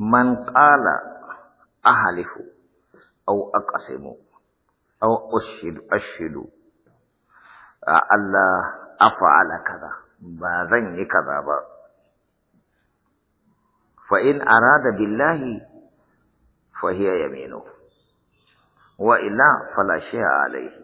من قال أهلف أو أقسم أو أشهد أشهد آه، ألا أفعل كذا بازن كذا با فإن أراد بالله فهي يمينه وإلا فلا شيء عليه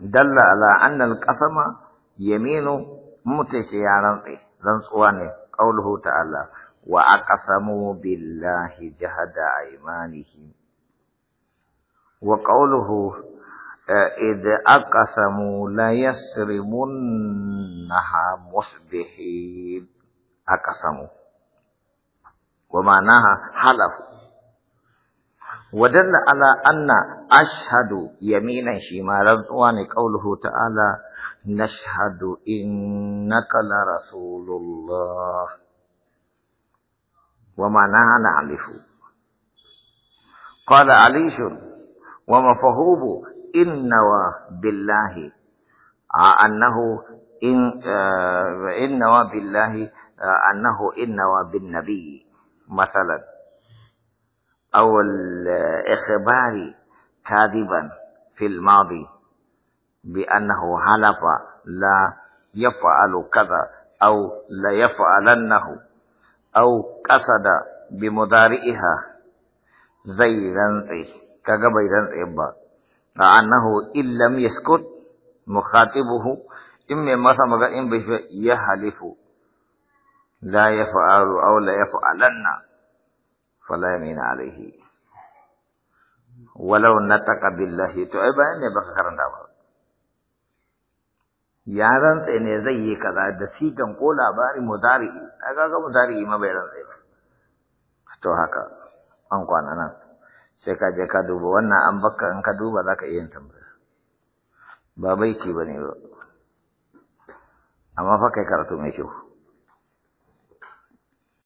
دل على أن القسم يمينه متشيارا ذنسواني قوله تعالى وأقسموا بالله جهد أيمانهم وقوله إذ أقسموا ليسرمنها مصبحين أقسموا ومعناها حلف ودل على أن أشهد يمين شمال وان قوله تعالى نشهد إنك لرسول الله ومعناها نعرف قال علي فهوب إن بالله آه، أنه إن آه بالله آه، أنه إن بالنبي مثلا أو الإخبار كاذبا في الماضي بأنه حلف لا يفعل كذا أو لا يفعلنه أو قصد بمضارئها زي رنعي إيه، كغبي رنعي إيه، با فأنه إن لم يسكت مخاطبه إما مثلا مغا إن يحلف لا يفعل أو لا يفعلن فلا يمين عليه ولو نتقى بالله تو أي بيان بخرنا ya rantse ne zai yi kaza da sigan ko labarin mudari a gaga mudari ma bai rantse ba to haka an kwana nan sai ka je ka duba wannan an baka in ka duba za ka iya yin tambaya ba baiki ba ne ba amma fa kai karatu mai kyau